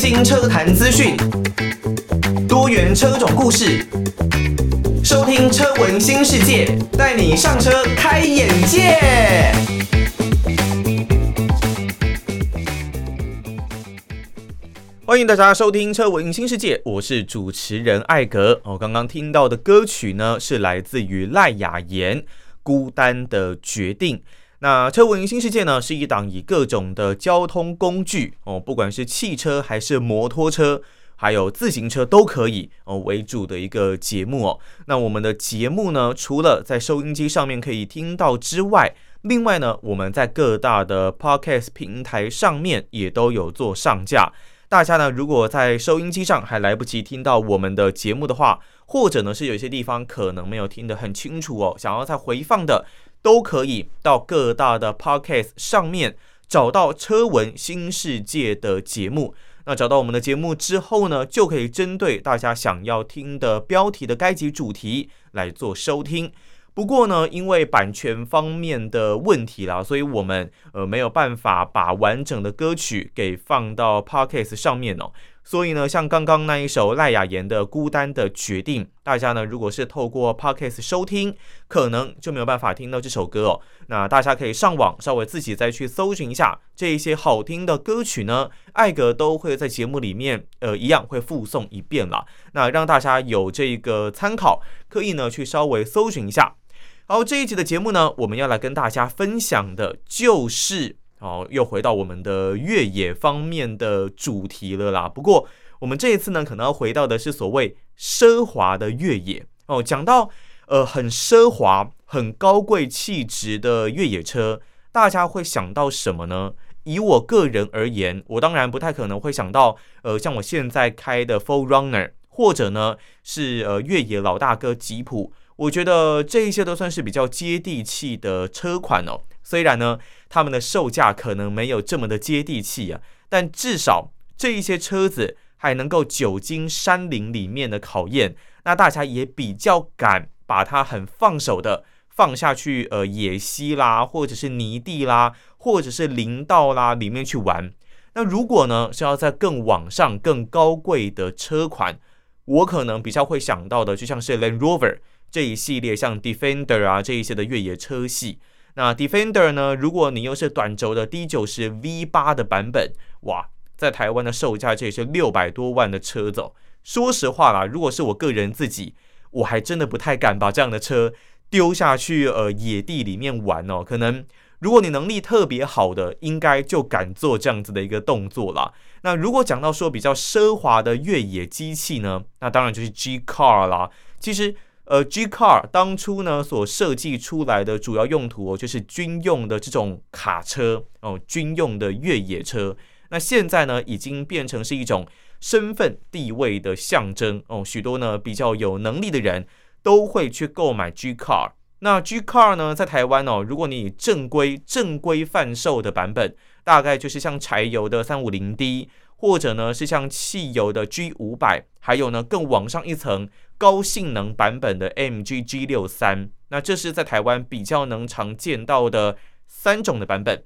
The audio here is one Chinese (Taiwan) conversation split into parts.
新車談資訊，多元車種故事，收聽車聞新世界，帶你上車開眼界。歡迎大家收聽車聞新世界，我是主持人艾格。我、哦、剛剛聽到的歌曲呢，是來自於賴雅妍《孤單的決定》。那《車聞新世界》呢，是一檔以各種的交通工具哦，不管是汽車還是摩托車，還有自行車都可以哦，為主的一個節目哦。那我們的節目呢，除了在收音機上面可以聽到之外，另外呢，我們在各大的 Podcast 平台上面也都有做上架。大家呢，如果在收音機上還來不及聽到我們的節目的話，或者呢是有些地方可能沒有聽得很清楚哦，想要再回放的。都可以到各大的 Podcast 上面找到車文新世界的節目。那找到我們的節目之後呢，就可以針對大家想要聽的標題的該集主題來做收聽。不過呢，因為版權方面的問題啦，所以我們呃沒有辦法把完整的歌曲給放到 Podcast 上面哦。所以呢，像剛剛那一首賴雅妍的《孤單的決定》，大家呢如果是透過 Podcast 收聽，可能就沒有辦法聽到這首歌哦。那大家可以上網稍微自己再去搜尋一下，這些好聽的歌曲呢，艾格都會在節目裡面呃一樣會附送一遍了，那讓大家有這個參考，可以呢去稍微搜尋一下。好，這一集的節目呢，我們要來跟大家分享的就是。哦，又回到我們的越野方面的主題了啦。不過，我們這一次呢，可能要回到的是所謂奢華的越野哦。講到呃，很奢華、很高貴氣質的越野車，大家會想到什麼呢？以我個人而言，我當然不太可能會想到呃，像我現在開的 4Runner，或者呢是呃越野老大哥吉普。我覺得這一些都算是比較接地氣的車款哦，雖然呢，他們的售價可能沒有這麼的接地氣啊，但至少這一些車子還能夠久經山林裡面的考驗，那大家也比較敢把它很放手的放下去，呃，野溪啦，或者是泥地啦，或者是林道啦裡面去玩。那如果呢是要在更往上、更高貴的車款，我可能比較會想到的就像是 Land Rover。這一系列像 Defender 啊，這一些的越野車系，那 Defender 呢，如果你又是短軸的 D90 V8 的版本，哇，在台灣的售價這也是六百多萬的車子哦。說實話啦，如果是我個人自己，我還真的不太敢把這樣的車丟下去呃野地裡面玩哦。可能如果你能力特別好的，應該就敢做這樣子的一個動作啦。那如果講到說比較奢華的越野機器呢，那當然就是 G Car 啦，其實。呃，G Car 當初呢，所設計出來的主要用途哦，就是軍用的這種卡車哦，軍用的越野車。那現在呢，已經變成是一種身份地位的象徵哦。許多呢，比較有能力的人都會去購買 G Car。那 G Car 呢，在台灣哦，如果你正規正規販售的版本，大概就是像柴油的三五零 D，或者呢是像汽油的 G 五百，還有呢，更往上一層，高性能版本的 MG G63，那這是在台灣比較能常見到的三種的版本。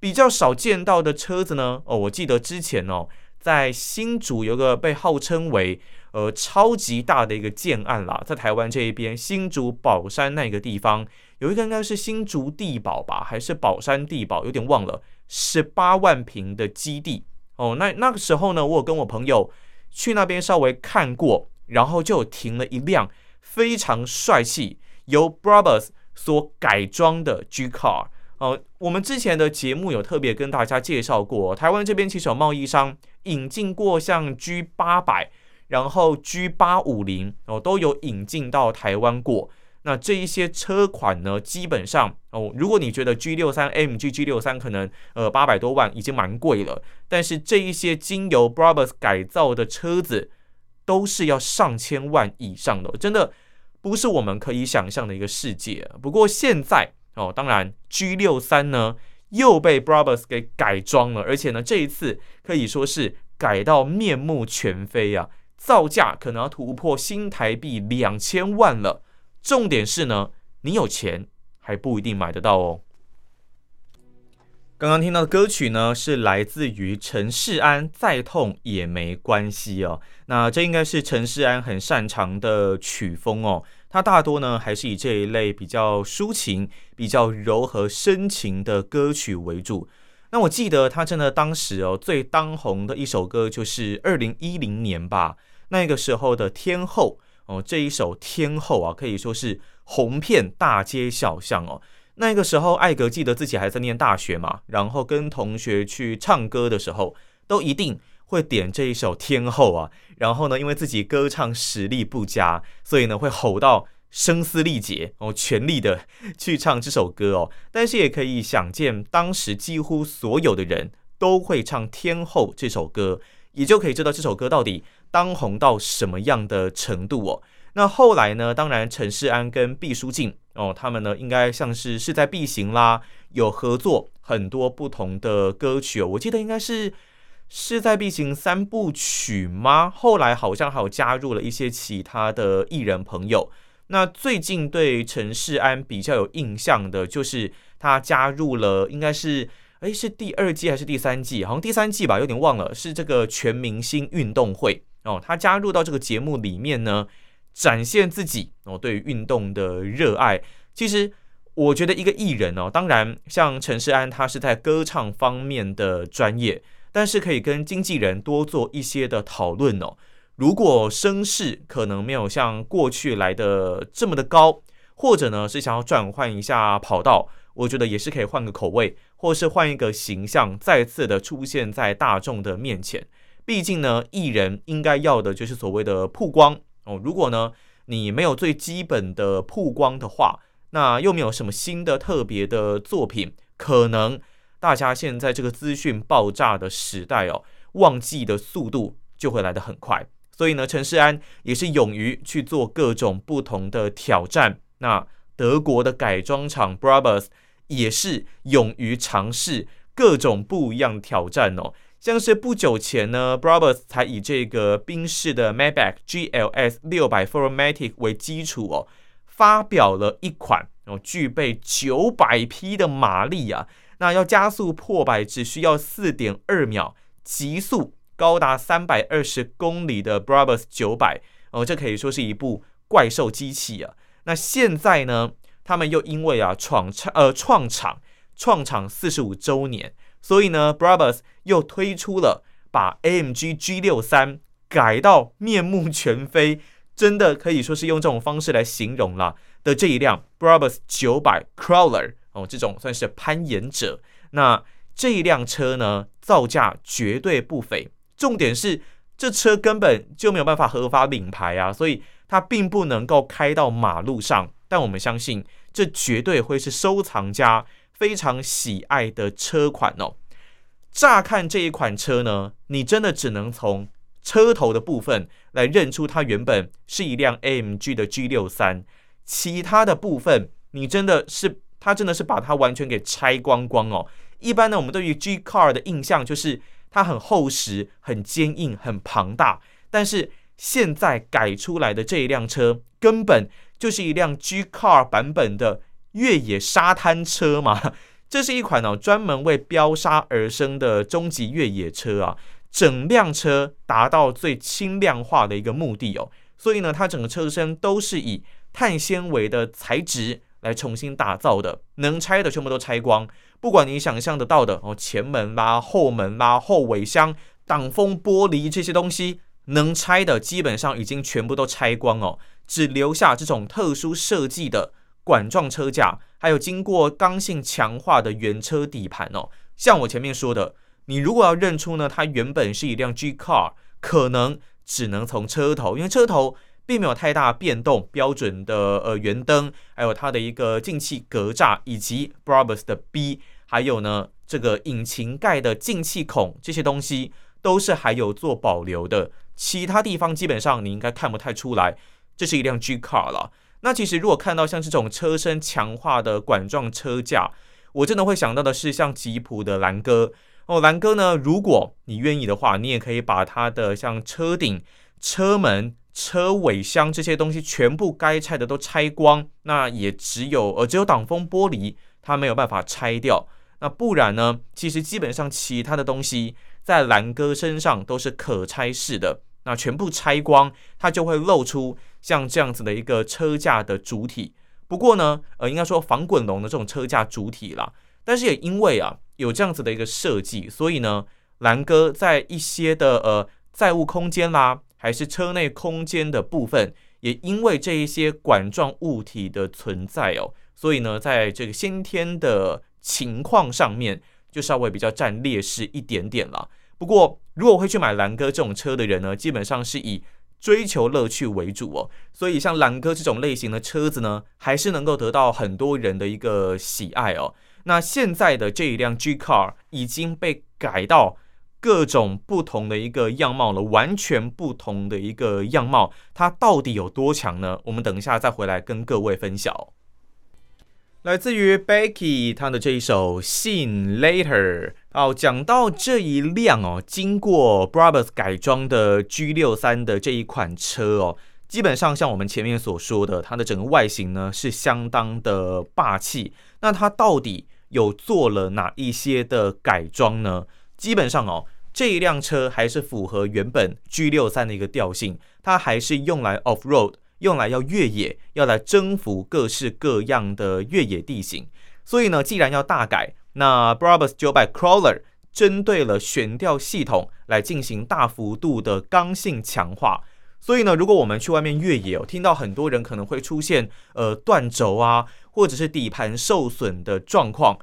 比較少見到的車子呢？哦，我記得之前哦，在新竹有個被號稱為呃超級大的一個建案啦，在台灣這一邊新竹寶山那個地方有一個應該是新竹地堡吧，還是寶山地堡，有點忘了，18萬平的基地。哦，那那個時候呢，我有跟我朋友去那邊稍微看過。然後就停了一輛非常帥氣、由 Brabus 所改裝的 G Car。哦，我們之前的節目有特別跟大家介紹過，台灣這邊其實有貿易商引進過像 G 八百，然後 G 八五零，哦，都有引進到台灣過。那這一些車款呢，基本上哦，如果你覺得 G 六三 AMG G 六三可能呃八百多萬已經蠻貴了，但是這一些經由 Brabus 改造的車子。都是要上千萬以上的，真的不是我們可以想象的一個世界啊。不過現在哦，當然 G 六三呢又被 Brabus 給改裝了，而且呢這一次可以說是改到面目全非啊，造價可能要突破新台幣兩千萬了。重點是呢，你有錢還不一定買得到哦。剛剛聽到的歌曲呢，是來自於陳勢安，《再痛也沒關係》哦。那這應該是陳勢安很擅長的曲風哦。他大多呢還是以這一類比較抒情、比較柔和、深情的歌曲為主。那我記得他真的當時哦最當紅的一首歌就是二零一零年吧，那個時候的天后哦這一首天後啊可以說是紅遍大街小巷哦。那個時候，艾格記得自己還在念大學嘛，然後跟同學去唱歌的時候，都一定會點這一首《天後》啊。然後呢，因為自己歌唱實力不佳，所以呢會吼到聲嘶力竭，哦，全力的去唱這首歌哦。但是也可以想見，當時幾乎所有的人都會唱《天後》這首歌，也就可以知道這首歌到底當紅到什麼樣的程度哦。那後來呢？當然，陳勢安跟畢書盡哦，他們呢應該像是勢在必行啦，有合作很多不同的歌曲，我記得應該是《勢在必行》三部曲嗎？後來好像還有加入了一些其他的藝人朋友。那最近對陳勢安比較有印象的就是他加入了，應該是哎是第二季還是第三季？好像第三季吧，有點忘了。是這個全明星運動會哦，他加入到這個節目裡面呢，展現自己哦，對於運動的熱愛。其實我覺得一個藝人哦，當然像陳世安，他是在歌唱方面的專業，但是可以跟經紀人多做一些的討論哦。如果聲勢可能沒有像過去來的這麼的高，或者呢是想要轉換一下跑道，我覺得也是可以換個口味，或是換一個形象，再次的出現在大眾的面前。畢竟呢，藝人應該要的就是所謂的曝光。哦，如果呢，你沒有最基本的曝光的話，那又沒有什麼新的特別的作品，可能大家現在這個資訊爆炸的時代哦，忘記的速度就會來得很快。所以呢，陳世安也是勇於去做各種不同的挑戰。那德國的改裝廠 Brabus 也是勇於嘗試各種不一樣的挑戰哦。像是不久前呢，Brabus 才以這個賓士的 Maybach GLS 600 4MATIC 為基礎哦，發表了一款哦具備九百匹的馬力啊，那要加速破百只需要四點二秒，極速高達三百二十公里的 Brabus 九百哦，這可以說是一部怪獸機器啊。那現在呢，他們又因為啊創廠呃創廠創廠四十五周年。所以呢，Brabus 又推出了把 AMG G 六三，改到面目全非，真的可以說是用這種方式來形容了的這一輛 Brabus 九百 Crawler 哦，這種算是攀岩者。那這一輛車呢，造價絕對不菲，重點是這車根本就沒有辦法合法領牌啊，所以它並不能夠開到馬路上。但我們相信，這絕對會是收藏家。非常喜愛的車款哦。乍看這一款車呢，你真的只能從車頭的部分來認出它原本是一輛 AMG 的 G63。其他的部分，你真的是，它真的是把它完全給拆光光哦。一般呢，我們對於 G car 的印象就是它很厚實、很堅硬、很龐大，但是現在改出來的這一輛車，根本就是一輛 G car 版本的。越野沙灘車嘛，這是一款哦專門為飆沙而生的終極越野車啊！整輛車達到最輕量化的一個目的哦，所以呢，它整個車身都是以碳纖維的材質來重新打造的，能拆的全部都拆光，不管你想象得到的哦，前門啦、後門啦、後尾箱、擋風玻璃這些東西，能拆的基本上已經全部都拆光哦，只留下這種特殊設計的管狀車架，還有經過剛性強化的原車底盤哦。像我前面說的，你如果要認出呢，它原本是一輛 G Car，可能只能從車頭，因為車頭並沒有太大變動，標準的呃圓燈，還有它的一個進氣格柵，以及 Brabus 的 B，還有呢這個引擎蓋的進氣孔，這些東西都是還有做保留的。其他地方基本上你應該看不太出來，這是一輛 G Car 了。那其實，如果看到像這種車身強化的管狀車架，我真的會想到的是像吉普的蘭戈哦，蘭戈呢，如果你願意的話，你也可以把它的像車頂、車門、車尾箱這些東西全部該拆的都拆光。那也只有呃，只有擋風玻璃它沒有辦法拆掉。那不然呢，其實基本上其他的東西在蘭戈身上都是可拆式的。那全部拆光，它就會露出。像這樣子的一個車架的主體，不過呢，呃，應該說防滾籠的這種車架主體啦。但是也因為啊有這樣子的一個設計，所以呢，蘭哥在一些的呃載物空間啦，還是車內空間的部分，也因為這一些管狀物體的存在哦、喔，所以呢，在這個先天的情況上面就稍微比較佔劣勢一點點了。不過，如果會去買蘭哥這種車的人呢，基本上是以追求樂趣為主哦，所以像朗哥這種類型的車子呢，還是能夠得到很多人的一個喜愛哦。那現在的這一輛 G Car 已經被改到各種不同的一個樣貌了，完全不同的一個樣貌，它到底有多強呢？我們等一下再回來跟各位分享。來自於 Becky 他的這一首《信 Later》哦，講到這一輛哦，經過 Brothers 改裝的 G 六三的這一款車哦，基本上像我們前面所說的，它的整個外形呢是相當的霸氣。那它到底有做了哪一些的改裝呢？基本上哦，這一輛車還是符合原本 G 六三的一個調性，它還是用來 Off Road。用來要越野，要來征服各式各樣的越野地形。所以呢，既然要大改，那 Brabus 九百 Crawler 針對了懸吊系統來進行大幅度的剛性強化。所以呢，如果我們去外面越野，哦，聽到很多人可能會出現呃斷軸啊，或者是底盤受損的狀況。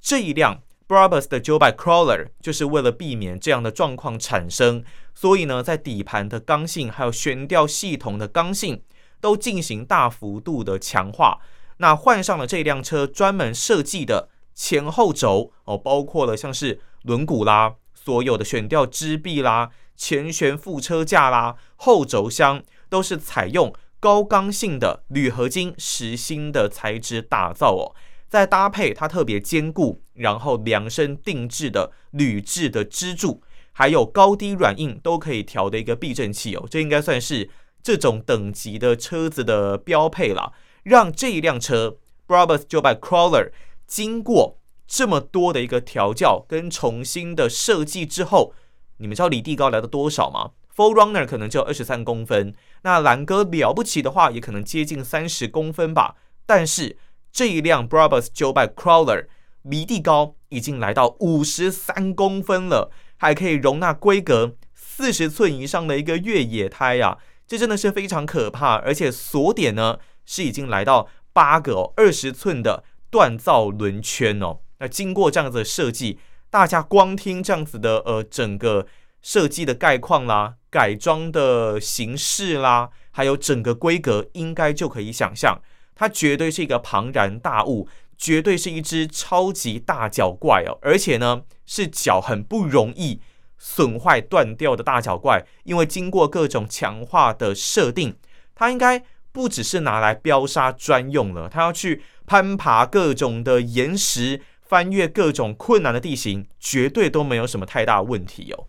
這一輛 Brabus 的九百 Crawler 就是為了避免這樣的狀況產生。所以呢，在底盤的剛性，還有懸吊系統的剛性都進行大幅度的強化，那換上了這輛車專門設計的前後軸哦，包括了像是輪轂啦，所有的懸吊支臂啦，前懸副車架啦，後軸箱都是採用高剛性的鋁合金實心的材質打造哦，再搭配它特別堅固，然後量身定制的鋁制的支柱，還有高低軟硬都可以調的一個避震器哦，這應該算是。這種等級的車子的標配了，讓這一輛車 Brabus 900 Crawler 經過這麼多的一個調教跟重新的設計之後，你們知道離地高來到多少嗎？4Runner 可能只有二十三公分，那藍哥，了不起的話，也可能接近三十公分吧。但是這一輛 Brabus 900 Crawler 離地高已經來到五十三公分了，還可以容納規格四十寸以上的一個越野胎呀、啊。這真的是非常可怕，而且鎖點呢是已經來到八個哦，二十寸的鍛造輪圈哦。那經過這樣子的設計，大家光聽這樣子的呃整個設計的概況啦、改裝的形式啦，還有整個規格，應該就可以想象，它絕對是一個龐然大物，絕對是一只超級大腳怪哦。而且呢，是腳很不容易。損壞斷掉的大腳怪，因為經過各種強化的設定，它應該不只是拿來飆沙專用了，它要去攀爬各種的岩石，翻越各種困難的地形，絕對都沒有什麼太大問題哦。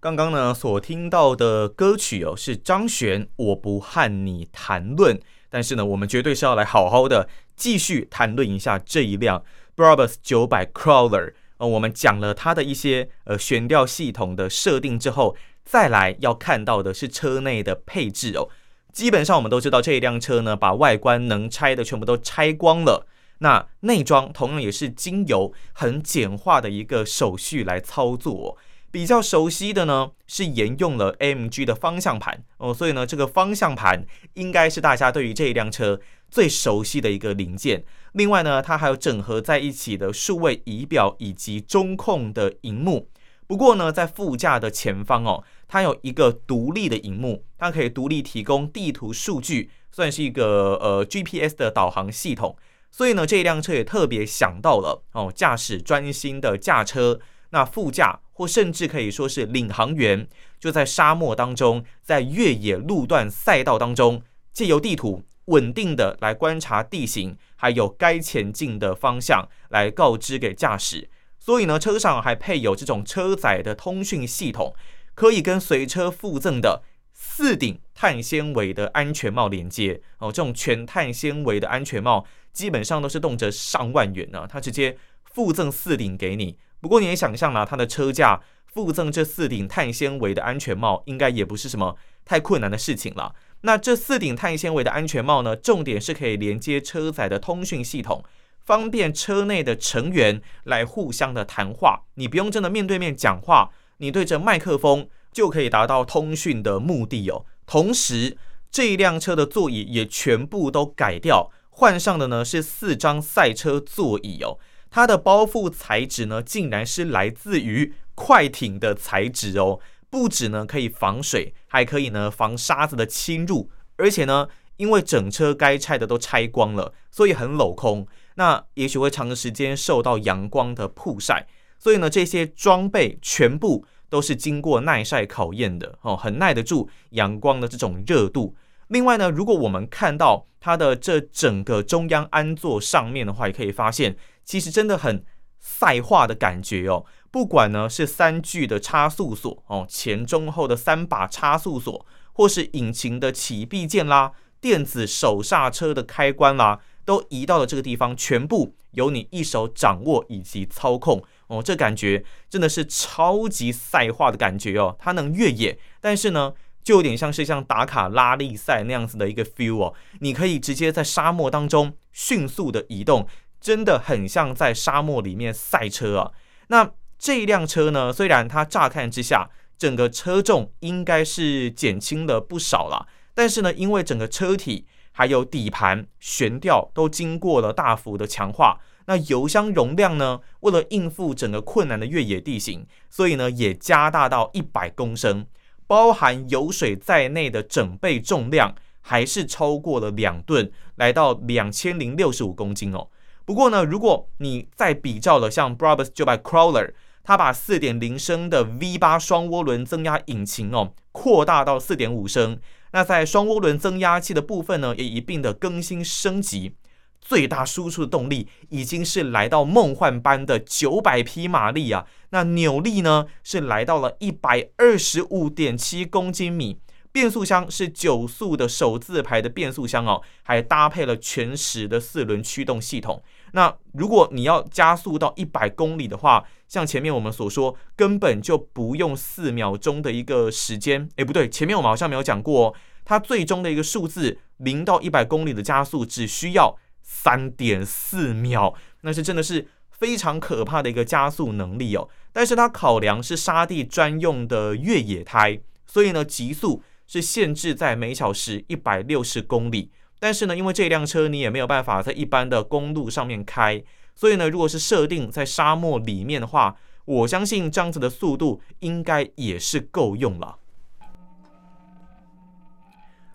剛剛呢所聽到的歌曲哦是張懸《我不和你談論》，但是呢我們絕對是要來好好的繼續談論一下這一輛 Brabus 九百 Crawler。哦，我們講了它的一些呃懸吊系統的設定之後，再來要看到的是車內的配置哦。基本上我們都知道這一輛車呢，把外觀能拆的全部都拆光了。那內裝同樣也是經由很簡化的一個手續來操作哦。比較熟悉的呢，是沿用了 AMG 的方向盤哦，所以呢，這個方向盤應該是大家對於這一輛車最熟悉的一個零件。另外呢，它還有整合在一起的數位儀表以及中控的熒幕。不過呢，在副駕的前方哦，它有一個獨立的熒幕，它可以獨立提供地圖數據，算是一個呃 GPS 的導航系統。所以呢，這一輛車也特別想到了哦，駕駛專心的駕車，那副駕或甚至可以說是領航員，就在沙漠當中，在越野路段賽道當中，借由地圖。穩定的來觀察地形，還有該前進的方向，來告知給駕駛。所以呢，車上還配有這種車載的通訊系統，可以跟隨車附贈的四頂碳纖維的安全帽連接。哦，這種全碳纖維的安全帽基本上都是動輒上萬元呢、啊。它直接附贈四頂給你。不過你也想象了，它的車價附贈這四頂碳纖維的安全帽，應該也不是什麼太困難的事情了。那這四頂碳纖維的安全帽呢，重點是可以連接車載的通訊系統，方便車內的成員來互相的談話。你不用真的面對面講話，你對着麥克風就可以達到通訊的目的哦。同時，這一輛車的座椅也全部都改掉，換上的呢是四張賽車座椅哦。它的包覆材質呢，竟然是來自於快艇的材質哦。不止呢可以防水，還可以呢防沙子的侵入，而且呢，因為整車該拆的都拆光了，所以很鏤空。那也許會長時間受到陽光的曝曬，所以呢，這些裝備全部都是經過耐曬考驗的，哦，很耐得住陽光的這種熱度。另外呢，如果我們看到它的這整個中央鞍座上面的話，也可以發現，其實真的很賽化的感覺哦。不管呢是三具的差速鎖哦，前中後的三把差速鎖，或是引擎的啟閉鍵啦，電子手剎車的開關啦，都移到了這個地方，全部由你一手掌握以及操控哦。這感覺真的是超級賽化的感覺哦。它能越野，但是呢，就有點像是像打卡拉力賽那樣子的一個 feel 哦。你可以直接在沙漠當中迅速的移動，真的很像在沙漠裡面賽車啊。那。這一輛車呢，雖然它乍看之下整個車重應該是減輕了不少了，但是呢，因為整個車體還有底盤懸吊都經過了大幅的強化，那油箱容量呢，為了應付整個困難的越野地形，所以呢也加大到一百公升，包含油水在內的整備重量還是超過了兩噸，來到兩千零六十五公斤哦。不過呢，如果你再比較了像 Brabus 900 Crawler，它把四點零升的 V 八雙渦輪增壓引擎哦擴大到四點五升，那在雙渦輪增壓器的部分呢也一併的更新升級，最大輸出的動力已經是來到夢幻般的九百匹馬力啊，那扭力呢是來到了一百二十五點七公斤米，變速箱是九速的手自排的變速箱哦，還搭配了全時的四輪驅動系統。那如果你要加速到一百公里的話，像前面我們所說，根本就不用四秒鐘的一個時間。哎，不對，前面我們好像沒有講過哦，它最終的一個數字，零到一百公里的加速只需要三點四秒，那是真的是非常可怕的一個加速能力哦。但是它考量是沙地專用的越野胎，所以呢，極速是限制在每小時一百六十公里。但是呢，因為這輛車你也沒有辦法在一般的公路上面開，所以呢，如果是設定在沙漠裡面的話，我相信這樣子的速度應該也是夠用了。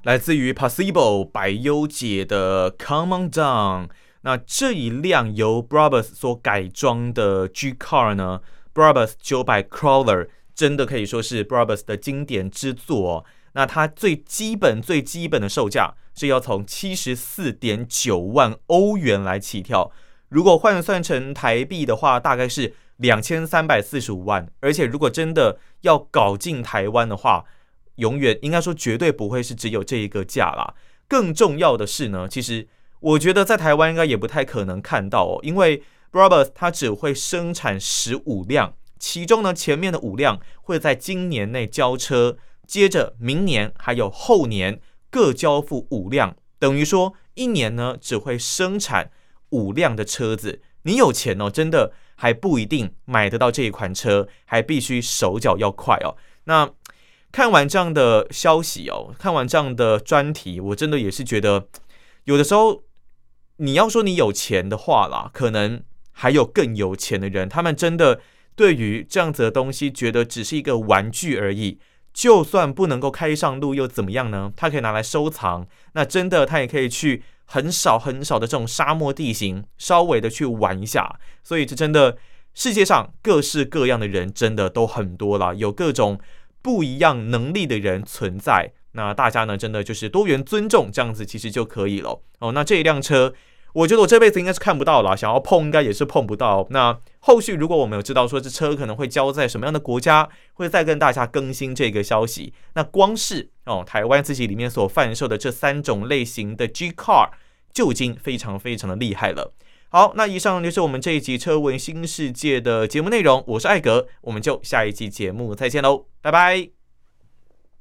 來自於 Passible 百優姐的 Come on down，那這一輛由 Brabus 所改裝的 G Car 呢，Brabus 九百 Crawler 真的可以說是 Brabus 的經典之作。那它最基本、最基本的售價是要從七十四點九萬歐元來起跳，如果換算成台幣的話，大概是兩千三百四十五萬。而且，如果真的要搞進台灣的話，永遠應該說絕對不會是只有這一個價啦。更重要的是呢，其實我覺得在台灣應該也不太可能看到哦，因為 Brabus 它只會生產十五輛，其中呢前面的五輛會在今年內交車。接着，明年還有後年各交付五輛，等於說一年呢只會生產五輛的車子。你有錢哦，真的還不一定買得到這一款車，還必須手腳要快哦。那看完這樣的消息哦，看完這樣的專題，我真的也是覺得，有的時候你要說你有錢的話啦，可能還有更有錢的人，他們真的對於這樣子的東西，覺得只是一個玩具而已。就算不能夠開上路又怎麼樣呢？它可以拿來收藏，那真的它也可以去很少很少的這種沙漠地形，稍微的去玩一下。所以這真的世界上各式各樣的人真的都很多了，有各種不一樣能力的人存在。那大家呢，真的就是多元尊重這樣子，其實就可以了。哦，那這一輛車。我覺得我這輩子應該是看不到了，想要碰應該也是碰不到。那後續如果我們有知道說這車可能會交在什麼樣的國家，會再跟大家更新這個消息。那光是哦，台灣自己裡面所販售的這三種類型的 G Car 就已經非常非常的厲害了。好，那以上就是我們這一集車聞新世界的節目內容。我是艾格，我們就下一集節目再見嘍，拜拜。